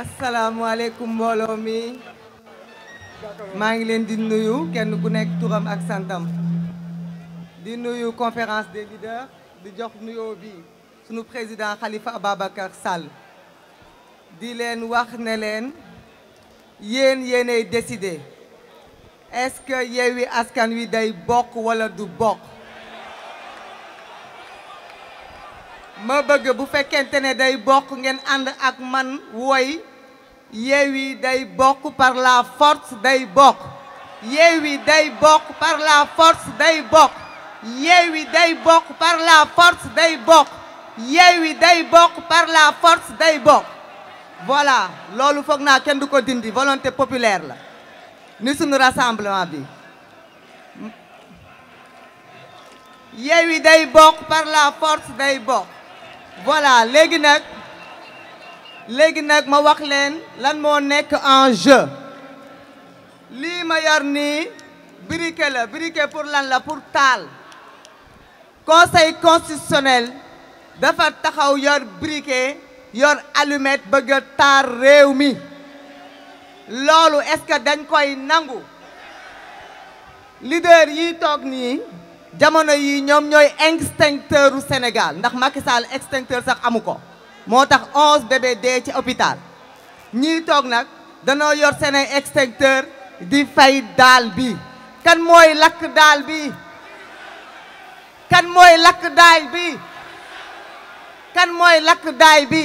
asalaamualeykum mbooloo mi maa ngi leen di nuyu kenn ku nekk turam ak santam di nuyu conférence des leaders di jox nuyoo bi sunu président Khalifa Ababacar sàll di leen wax ne leen yéen yéenay décider est-ce que Askan Wi day bokk wala du bokk ma bëgg bu fekkente ne day bokk ngeen ànd ak man woy Yewwi day bokk par la force day bokk Yewwi day bokk par force day bokk Yewwi day bokk par force day bokk Yewwi voilà loolu foog naa kenn du ko dindi volonté populaire la ni suñu rassemblement bi Yewwi day bokk par force day bokk voilà léegi nag léegi nag ma wax leen lan moo nekk en jeu lii ma yar nii briquet la briquet pour lan la pour taal conseil constitutionnel dafa taxaw yor briquet yor allumette bëgg taal réew mi loolu est-ce que dañ koy nangu leader yi toog nii jamono yi ñoom ñooy extincteur u Sénégal ndax Macky Sall extincteur sax amu ko moo tax onze bébé dee ci hôpital ñii toog nag danoo yor seen extincteur di fay daal bi kan mooy lakk daal bi kan mooy lakk daay bi kan mooy lakk daay bi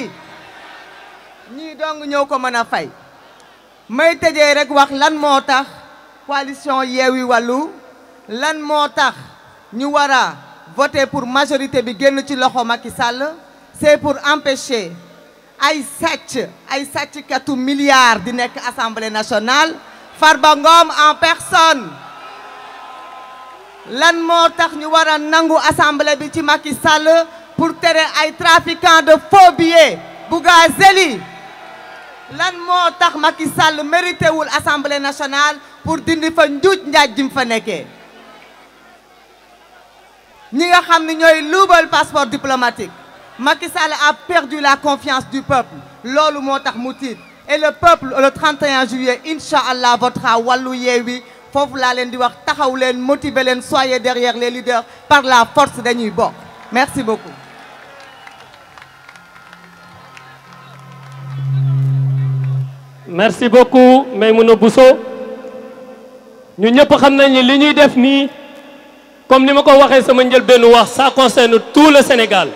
ñii dong ñëw ko mën a fay may tëjee rek wax lan moo tax coalition Yewwi Wàllu lan moo tax ñu war a voter pour majorité bi génn ci loxo Macky Sall c'est pour empêcher ay sàcc ay sàcckatu milliards di nekk assemblée far ba Ngom en personne lan moo tax ñu war a nangu assemblée bi ci Macky Sall pour tere ay trafiquants de faux billets Bougazeli lan moo tax Macky Sall mérité wul assemblée nationale pour dindi fa njuuj njaaj jim fa nekkee ñi nga xam ni ñooy luubal passeport diplomatique Macky Sall a perdu la confiance du peuple loolu moo tax mu tiit et le peuple le juillet incha allah votera wàllu Yewwi foofu laa leen di wax taxaw leen motiver leen soyez derrière les leaders par la force dañuy bokk merci beaucoup. merci beaucoup Maimouna Bousso ñu ñëpp xam nañ ni li ñuy def nii. comme ni ma ko waxee sama njëlbéenu wax ça concerne tout le Sénégal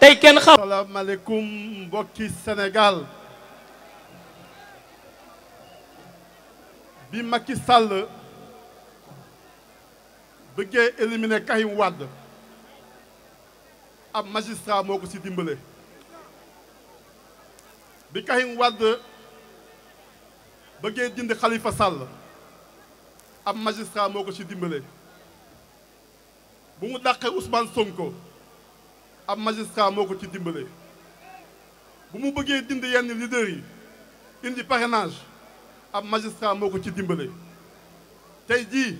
tey kenn xam. salaamaaleykum mbokki Sénégal bi Macky sàll bëggee éliminer Karim Wade ab magistrat moo ko ci dimbale bi Karim Wade bëggee dindi Khalifa Sall ab magistrat moo ko ci dimbale. bu mu dàqee Ousmane Sonko ab magistrat moo ko ci dimbale bu mu bëggee dindi yenn leaders yi indi parrainage ab magistrat moo ko ci dimbale tey jii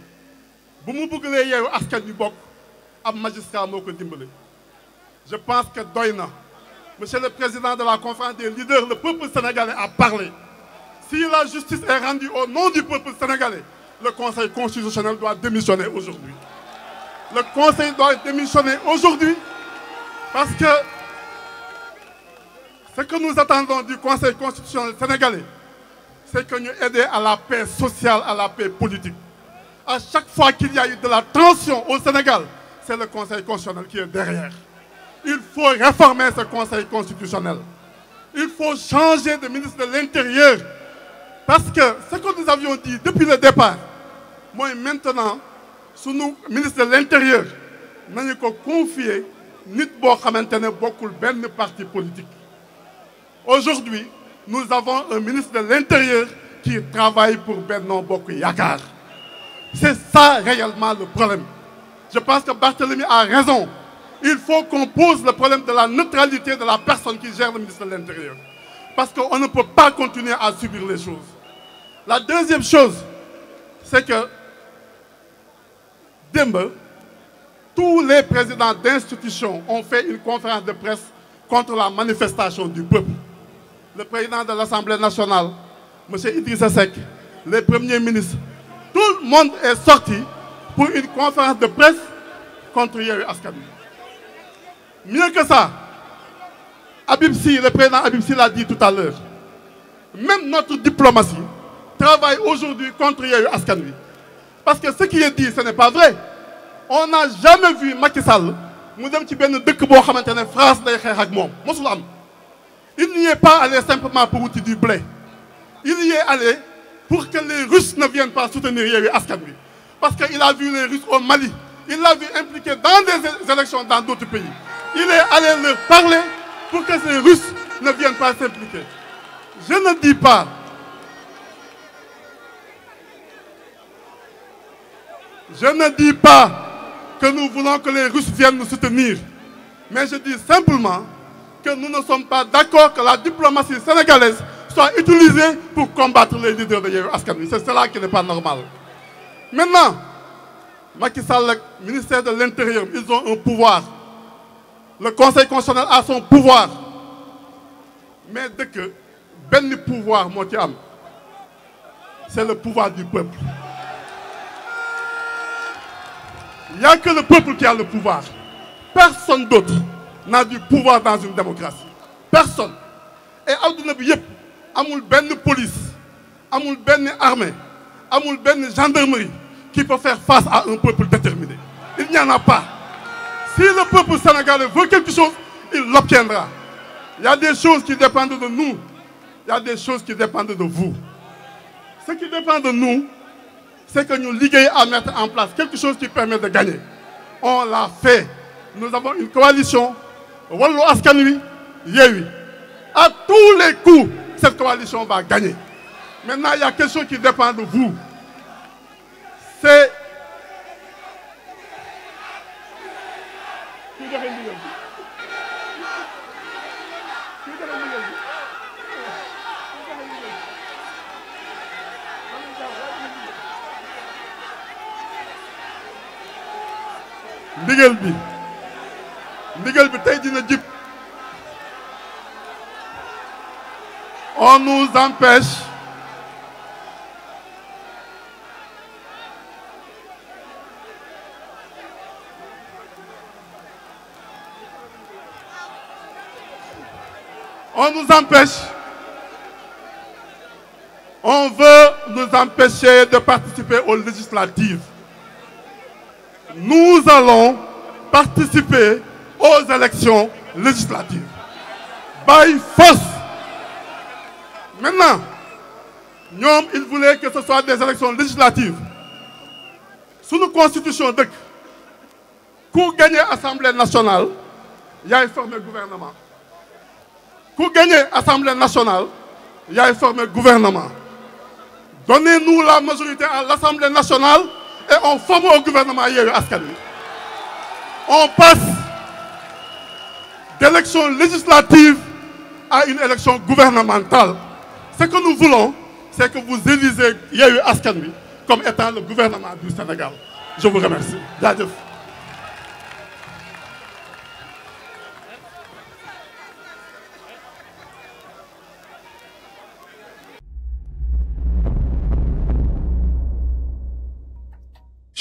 bu mu bëggalee yeewu askan yu bokk ab magistrat moo ko dimbale je pense que doy na monsieur le président de la conférence des leaders le peuple sénégalais a parlé si la justice est rendue au nom du peuple sénégalais le conseil constitutionnel doit démissionner aujourd'hui le conseil doit démissionner aujourd'hui parce que ce que nous attendons du conseil constitutionnel sénégalais c'est que nous aider à la paix sociale à la paix politique à chaque fois qu'il y a eu de la tension au Sénégal c'est le conseil constitutionnel qui est derrière il faut réformer ce conseil constitutionnel il faut changer de ministre de l'intérieur parce que ce que nous avions dit depuis le départ maintenant sunu ministre de l'intérieur nañu ko confier nit boo xamante ne bokkul benn parti politique aujourd'hui nous avons un ministre de l'intérieur qui travaille pour Benno Bokk Yakaar c'est ça réellement le problème je pense que Barthélemy a raison il faut qu'on pose le problème de la neutralité de la personne qui gère le ministre de l'Intérieur parce qu'on ne peut pas continuer à subir les choses la deuxième chose c'est que démb tous les présidents d'institutions ont fait une conférence de presse contre la manifestation du peuple le président de l'Assemblée nationale monsieur Idrissa Seck les premiers ministres tout le monde est sorti pour une conférence de presse contre Yewwi Askan Wi mieux que ça Habib Sy le président Habib l'a dit tout à l'heure même notre diplomatie travaille aujourd'hui contre Yewwi Askan Wi parce que ce qui est dit ce n'est pas vrai on n'a jamais vu Macky Sall mu dem ci benn dëkk boo xamante ne France day xeex ak moom mosul am il n'y est pas allé simplement pour wuti du blé il y est allé pour que les Russes ne viennent pas soutenir Yewwi Askan Wi parce que il a vu les Russes au Mali il l'a vu impliqué dans des élections dans d'autres pays il est allé leur parler pour que ces Russes ne viennent pas s'impliquer je ne dis pas Je ne dis pas que nous voulons que les Russes viennent nous soutenir, mais je dis simplement que nous ne sommes pas d'accord que la diplomatie sénégalaise soit utilisée pour combattre les leaders de Yewwi Askan Wi. C'est cela qui n'est pas normal. Maintenant, Macky Sall, le ministère de l'Intérieur, ils ont un pouvoir. Le Conseil constitutionnel a son pouvoir. Mais dëkk benn pouvoir moo ci am. C'est le pouvoir du peuple. Il n'y a que le peuple qui a le pouvoir. Personne d'autre n'a du pouvoir dans une démocratie. Personne. Et adduna bi yëpp amul benn police amul benn armée amul benn gendarmerie qui peut faire face à un peuple déterminé. Il n'y en a pas. Si le peuple sénégalais veut quelque chose, il l'obtiendra. y a des choses qui dépendent de nous. y a des choses qui dépendent de vous. Ce qui dépend de nous, c'est que nous liguons à mettre en place quelque chose qui permet de gagner. On l'a fait. Nous avons une coalition, Wallo Askanui, Yewi. tous les coups, cette coalition va gagner. Maintenant, il y a quelque chose qui dépend de vous. C'est ndigal bi ndigal bi tey dina jib on nous empêche on nous empêche on veut nous empêcher de participer aux législatives nous allons participer aux élections législatives. Bail fausse. Maintenant, nous, ils voulaient que ce soit des élections législatives. Sous nos constitutions, pour gagner l'Assemblée nationale, il y a formé gouvernement. Pour gagner l'Assemblée nationale, il y a formé gouvernement. Donnez-nous la majorité à l'Assemblée nationale et on forme un gouvernement Yewwi Askan Wi on passe d'élection législative à une élection gouvernementale ce que nous voulons c'est que vous élisez Yewwi Askan Wi comme étant le gouvernement du Sénégal je vous remercie